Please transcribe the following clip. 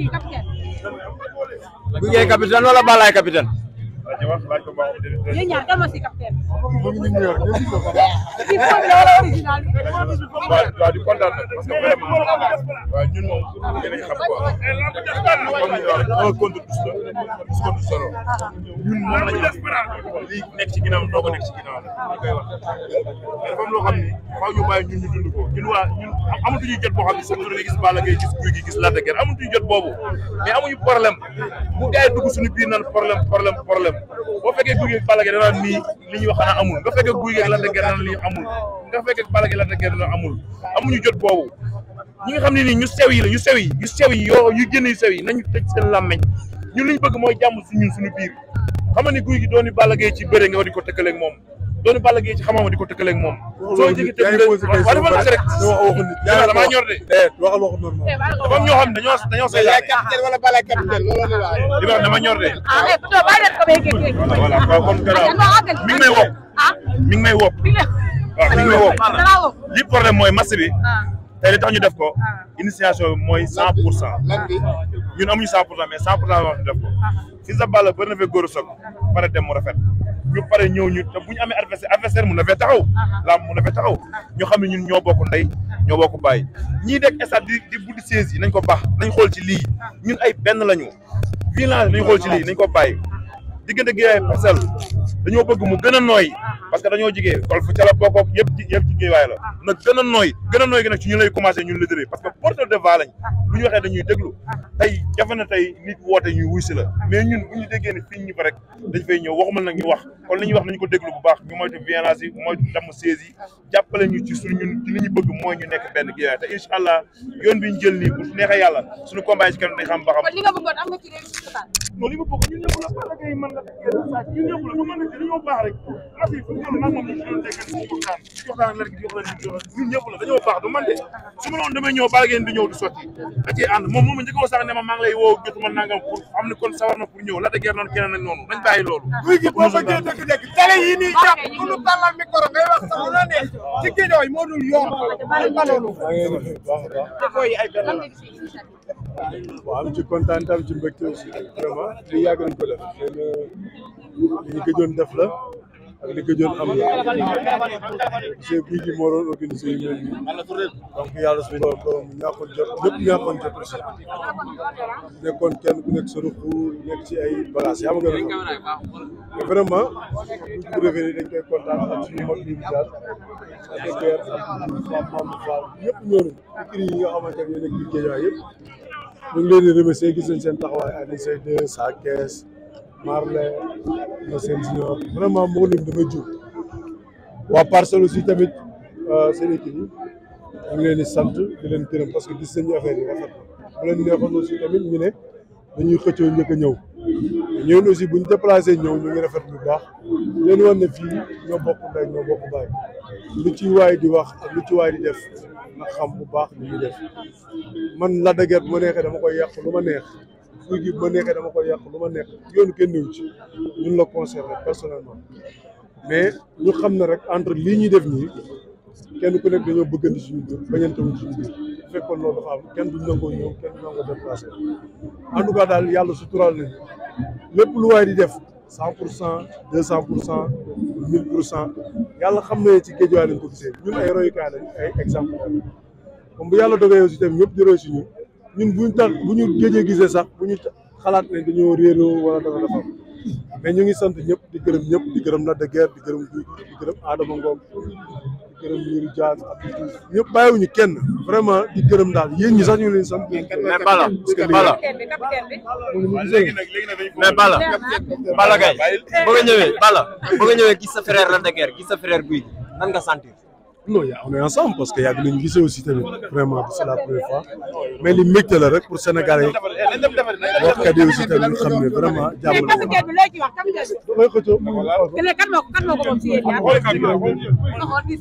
Gouye Gui capitaine wala Balla capitaine. ñaar kan ma si capitaine. waaw waaw di kontaan nag parce que vraiment waaw ñun moom yéen a ngi xam quoi comme ni ñu waxee un contre tous la tous contre solo ñun moom la ñu wax lii nekk ci ginnaaw doo ko nekk ci ginnaaw la koy wax dafa am loo xam ni faaw ñu bàyyi ñun ñu dund ko ñun waa ñun amatuñu jot boo xam ne sax nga gis Balla Gaye gis Gouye Gui gis Lac de Guiers amatuñu jot boobu mais amuñu problème bu gars yi dugg suñu biir naan problème problème problème boo fekkee Gouye Gui Balla Gaye danaa nii li wax xanaa amul nga fekk guy geeg la de guerre li amul nga fekk bala gi la de guerre la amul amuñu jot boobu ñi nga xam ne nii ñu sew yi la ñu sew yi ñu sew yi yoo yu génn yu sew yi nañu tëj seen làmmeñ ñu liñ bëgg mooy jàmm suñu suñu biir xam nga ni guy gi doon ni Balla Gaye ci bëre nga di ko tëkkaleeg moom doon Balla Gaye ci xamama di ko tëkkaleeg moom. soo jëgi tëgg eh, eh, waaw dafa nekk rek. dama damaa de. waxal waxal noonu moom. comme ñoo xam ne dañoo dañoo say yaay. wala Balla capitaine loolu la waay. li wax dama ñor de. Ah, voilà ah, ah. may wopp. mi ngi problème mooy match bi. tey li tax ñu def ko. initiation bi mooy cent pour ñun amuñu 100 pour cent mais 100 pour cent wax def ko uh-huh. Fils fee góor soog uh-huh. pare dem mu rafet ñu pare ñëw ñu te bu ñu amee adversaire adversaire mu na fee taxaw uh-huh. lamb mun na fee taxaw ñu xam ne ñun ñoo bokk ndey ñoo bokk bàyyi ñii dekk stade di di buddi yi nañ ko baax nañ xool ci lii ñun ay benn lañu violence nañ xool ci lii nañ ko bàyyi diggante gi ay parcelle dañoo bëgg mu gën a nooy parce que dañoo jigee golf ca la yëpp yëpp jigéewaay la nag gën a nooy gën a nooy gi nag ci ñu lay commencé ñun leader parce que porteur de voix lañ ñu waxee dañuy déglu tey jafe na tey nit woote ñu wuy si la mais ñun bu ñu déggee ne fii ñu fa rek dañ fay ñëw waxuma nag ñu wax kon li wax nañu ko déglu bu baax ñu moytu violence moytu damm siège jàppale ñu ci suñu ñun li ñu bëgg mooy ñu nekk benn Guédiawaye te incha allah yoon bi ñu jël nii bu neexee yàlla suñu combat ci kanam kon li nga bëggoon am na ci réew mi ma bëgg ñun ñëpp la Balla Gaye mën na ñun ñëpp la ñu mën na ci dañoo baax rek as yi fu ñu toll nag moom lañ doon dégg ñu waxtaan waxtaan ak baax du ñëw di ñëw du sotti da ciy ànd moom moom njëkk a sax ne ma maa ngi lay woo jotuma nangam pour am ni kon sawar na pour ñëw la da guerre noonu keneen ak noonu nañ bàyyi loolu télé yi nii jàpp ku ñu tàllal micro ngay wax sax lu ne ci moo dul yoon baloolu koy ay am ci kontaan tam ci mbégte aussi vraiment li yàgg nañ ko def ñu gëjoon def la ak li gëjoon am na monsieur Guy gi moo doon organisé yu mel nii donc yàlla suñu borom ñàkkoon jot ñëpp ñàkkoon jot aussi nekk sa ruq nekk ci ay bagages yaa ma gën a mais vraiment bu revenir dañ koy kontaan ak suñu mag yi mu daal ak DPR ne nekk ci géej yëpp ñu ngi leen di remercier gis nañ seen taxawaay ANICD SACES Marley seen junior vraiment moo lim damay jóg waa parcelle aussi tamit euh, seen équipe yi ñu ngi leen di sant di leen gërëm parce que gis nañu affaire yi rafet na bu leen neexoon aussi tamit ñu ne dañuy xëccoo njëkk a ñëw ñëw aussi bu ñu ñëw ñu ngi rafet bu baax leen woon ne fii ñoo bokk ndey ñoo bokk baay lu ci waay di wax ak lu ci waay di def nga xam bu baax li ñuy def man la dëgër bu ma neexee dama koy yàq lu ma neex fuy gi ma nekkee dama koy yàq lu ma nekk yoon kenn ñëw ci ñun la concerné personnellement mais ñu xam ne rek entre lii ñuy def nii kenn ku nekk dañoo bëgg suñu biir bañante wuñ suñu biir bu fekkoon kenn duñ nangoo ñëw kenn duñ nangoo déplacé en daal yàlla suturaal nañu lépp lu waay di def cent pour cent deux cent pour cent mille pour cent yàlla xam ne ci géej waay lañ ko gisee ñun ay royukaay lañ ay exemple comme bu yàlla dogee aussi tamit ñëpp di roy si ñun ñun bu ñu tax bu ñu géejee gisee sax bu ñu xalaat ne dañoo réeroo wala dafa dafa mais ñu ngi sant ñëpp di gërëm ñëpp di gërëm Lac de di gërëm Gouye Gui di Adama Ngom di gërëm Lirou Diane ak ñëpp kenn vraiment di gërëm daal yéen ñi sax ñu leen sant. mais Balla parce que Balla. léegi nag léegi nag mais Balla. Balla Gaye boo nga ñëwee Balla boo nga ñëwee gis sa frère de Guiers gis sa frère Gouye Gui nan non yaa on est ensemble parce que yàgg nañu gisee aussi tamit vraiment c'est la première fois mais li mbégte la rek pour Sénégal yi waxkat yi aussi tamit xam ne vraiment jàmm la mais